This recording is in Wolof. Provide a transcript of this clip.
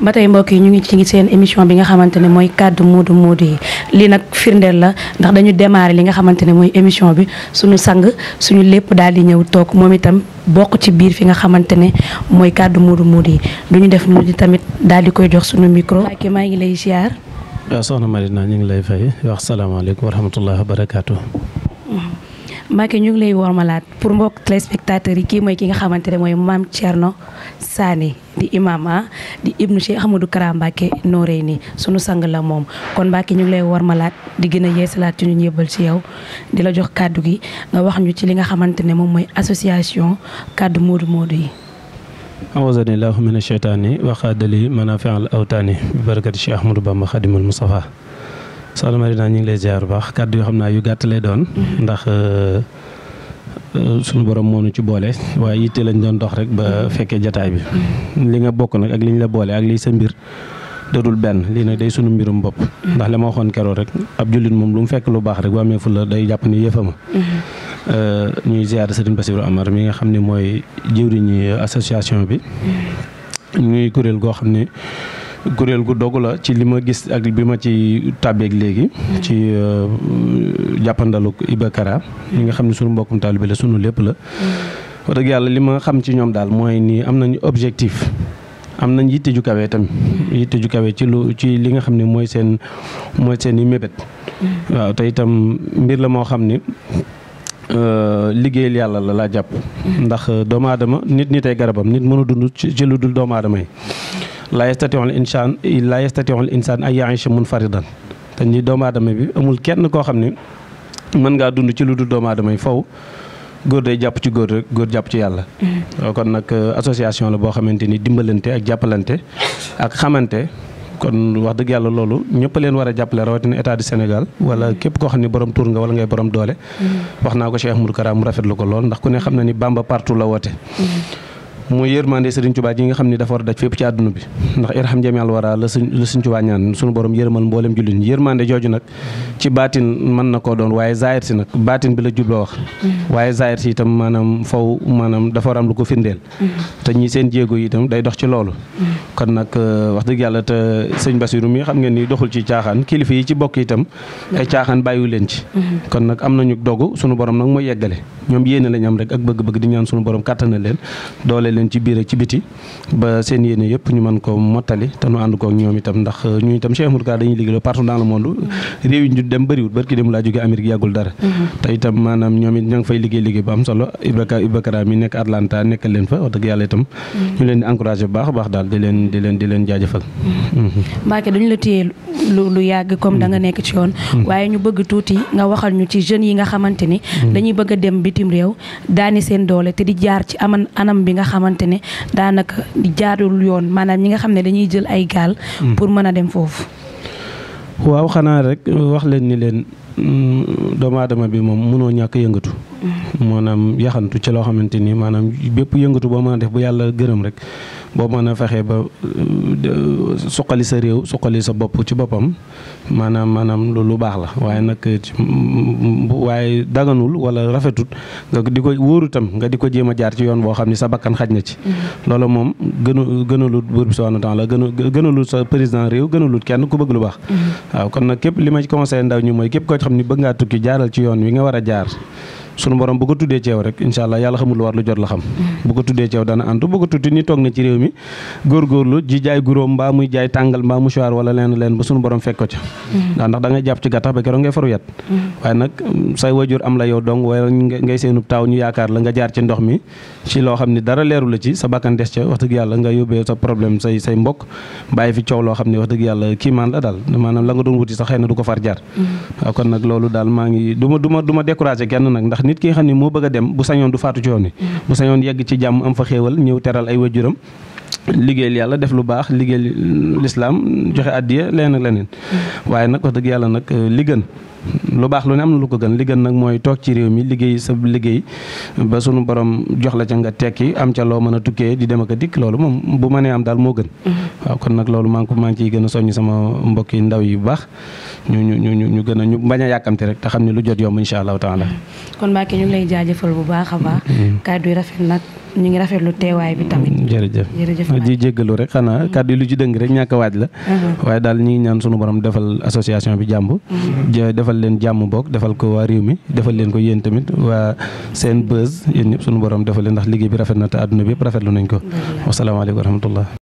ba tey mbokk yi ñu ngi ci seen émission bi nga xamante ne mooy kàddu muudu muudu yi lii nag firndeel la ndax dañu démarré li nga xamante ne mooy émission bi suñu sang suñu lépp daal di ñëw toog moom itam bokk ci biir fi nga xamante ne mooy kàddu muudu muudu yi duñu def lu di tamit daal di koy jox suñu micro. Mbacke maa ngi lay ziar. waaw soxna Marina ñu ngi lay fay wax salaamaaleykum wa rahmatulah wa barakaatu. Mbacké ñu ngi lay wormalaat pour mbokk téléspectateurs yi kii mooy ki nga xamante ne mooy maam Thierno Sané di imam ah, di ibnu Cheikh Ahmadou Kara Mbacké nooree nii sunu sang la moom kon Mbacké ñu ngi lay wormalaat di gën a yeesalaat ci ñu ñëbbal ci yow di la jox kàddu gi nga wax ñu ci li nga xamante ne moom mooy association kàddu moodu moodu yi. awzanillahu mina sheytaani wa qaadali manaafi al awtaani bi barakati Cheikh Ahmadou Bamba Xadimal Mustafa soxna Marina ñu ngi lay ziar bu baax kàddu yoo xam naa yu gàtt lay doon. ndax euh, euh, suñu borom moo ci boole waaye yitte lañ doon dox rek ba fekkee jataay bi. li nga bokk nag ak liñ la boole ak lii sa mbir. dadul benn lii nag day suñu mbirum bopp ndax li ma waxoon rek ab jullit moom lu mu fekk lu baax rek waamee fu la day jàpp ni yëfama mm-hmm. euh, ñuy ziar Serigne Bassirou Amar mi nga xam ne mooy jëwriñu association bi ñuy mm-hmm. kuréel goo xam ne kuréel gu dogu la ci li ma gis ak bi ma ci tàbbeeg léegi ci euh, jàppandalu Iba Kara ñi nga xam ne sunu mbokkum bi la sunu lépp la wax yàlla li ma xam ci ñoom daal mooy nii am nañu objectif am na yitte ju kawe tam yitte ju kawe ci lu ci li nga xam ni mooy seen mooy seen i mébét waaw te itam mbir la moo xam ni euh, liggéeyal yàlla la laa jàpp ndax euh, doomu aadama nit nitay garabam nit mënu dund ci lu dul doomu aadama yi laa yastatiul insaan laa yastatiul insaan ay yaisha munfaridan te ñi doomu aadama bi amul kenn koo xam ne mën ngaa dund ci lu dul doomu aadama yi faw góor day jàpp ci góor rek góor jàpp ci yàlla. Mm-hmm. kon nag euh, association la boo xamante ni dimbalante ak jàppalante ak xamante. kon wax dëgg yàlla loolu ñëpp leen war a jàppale rawatina état du Sénégal wala mm-hmm. képp koo xam ne borom tur nga wala ngay borom doole. Mm-hmm. wax naa ko Cheikh Mourou Kara mu rafetlu ko lool ndax ku ne xam na ni la mooy yërmande Sëriñ Tuubaa ji nga xam ne dafa war a daj fépp ci àdduna bi ndax irham jamial wara la sëñ la Sëriñ Tuubaa ñaan suñu borom yërmal mboolem jullit ñi yërmande jooju nag ci baatin mën na koo doon waaye zaahir si nag baatin bi la jubloo wax mm-hmm. waaye zaahir si itam maanaam faw maanaam dafa war am lu ko firndeel mm-hmm. te ñi seen jéego yi itam day dox ci loolu mm-hmm. kon nag euh, wax dëgg yàlla te sëñ Basiru mi xam ngeen ni doxul ci caaxaan kilifa yi ci bokk itam ay caaxaan ñoom yéene lañ am rek ak bëgg-bëgg di ñaan suñu borom kàttanal leen doole leen ci biir ak ci biti ba seen yéene yëpp ñu mën ko mottali te nu ànd ko ak ñoom itam ndax ñu itam Cheikh Mourka dañuy liggéey partout dans le monde mm-hmm. réew mm-hmm. liggéey liggéey am solo Ibraka Ibakara nekk Atlanta nekkal leen fa wax dëgg itam mm-hmm. ñu leen di encouragé baax baax daal di leen di leen di leen jaajëfal Mbacké dañu la téye lu yàgg comme da nekk ci yoon waaye ñu bëgg tuuti nga waxal ñu ci jeunes yi nga xamante ni dañuy bëgg a bitim réew daani seen doole te di jaar ci aman anam bi nga xamante ne daanaka di jaarul yoon maanaam ñi nga xam ne dañuy jël ay gaal. Hmm. pour mën a dem foofu. waaw xanaa rek wax leen ni leen hmm, doomu aadama bi moom mënoo ñàkk yëngatu. Hmm. maanaam yaxantu ci loo xamante ni maanaam bépp yëngatu boo mën a def bu yàlla gërëm rek. boo mën a fexee ba euh, suqali sa réew suqali sa bopp ci boppam maanaam maanaam lu baax la waaye nag waaye daganul wala rafetut nga di ko wóoru tam nga di ko jéem a jaar ci yoon boo xam ni sa bakkan xaj na ci mm-hmm. loolu moom gënu gënalut buur bi subhanahu wa taala gënu gënalut sa président réew gënalut kenn ku bëgg lu baax mm-hmm. waaw kon nag képp li ma ci conseillé ndaw ñi mooy képp koo xam ni bëgg ngaa tukki jaaral ci yoon wi nga war a jaar sunu borom bu ko tuddee ci yow rek incha allah yàlla xamul lu war lu jot la xam bu ko tuddee ci yow dana antu bu ko tuuti ni toog na ci réew mi góorgóorlu ji jaay guróom mbaa muy jaay tàngal mbaa mouchoir wala leen leen ba sunu borom fekk ko ca ndax da ngay jàpp ci gàttax ba keroog ngay faru yat waaye nag mm, say wajur am la yow dong wala ngay seenub taaw ñu yaakaar la nga jaar ci ndox mi ci loo xam ne dara leeru la ci sa bakkan des ca wax dëgg yàlla nga yóbbee sa problème say say mbokk bàyyi fi coow loo xam ne wax dëgg yàlla kiimaan la daal maanaam la nga doon wuti sax xëy na du ko far jaar mm. kon nag loolu daal maa ngi duma duma duma découragé kenn nag ndax nit ki nga xam ne moo bëgg a dem bu sañoon du faatu ci mm-hmm. bu sañoon yegg ci jàmm am fa xéewal ñëw teral ay wajuram liggéeyal yàlla def lu baax liggéeyal lislaam joxe àddiya leneen ak leneen waaye nag wax dëgg yàlla nag euh, li gën lu baax lu ne am na lu ko gën li gën nag mooy toog ci réew mi liggéey sa liggéey ba sunu borom jox la ca nga tekki am ca loo mën a tukkee di dem ak a dikk loolu moom bu mënee am daal moo gën mm-hmm. waaw kon nag loolu maa ngi ko maa ngi ciy gën a soññ sama mbokki ndaw yi bu baax ñu ñu ñu gën a ñu bañ a yàkkamte rek te xam ne lu jot yomb insha allahu taala a baax mm-hmm. ñu ngi rafetlu teewaay bi tamit. Mm, jërëjëf jërëjëf jéggalu rek xanaa mm-hmm. kàddu yi lu ci dëng rek ñàkk waaj la. Uh-huh. waaye daal ñu ñaan sunu borom defal association bi jàmb mm-hmm. defal leen jàmm boog defal ko waa réew mi defal leen ko yéen tamit waa seen buzz yéen ñëpp sunu borom defal leen ndax liggéey bi rafet na te àdduna bi yëpp rafetlu nañ ko. wasalaamaaleykum wa rahmatullah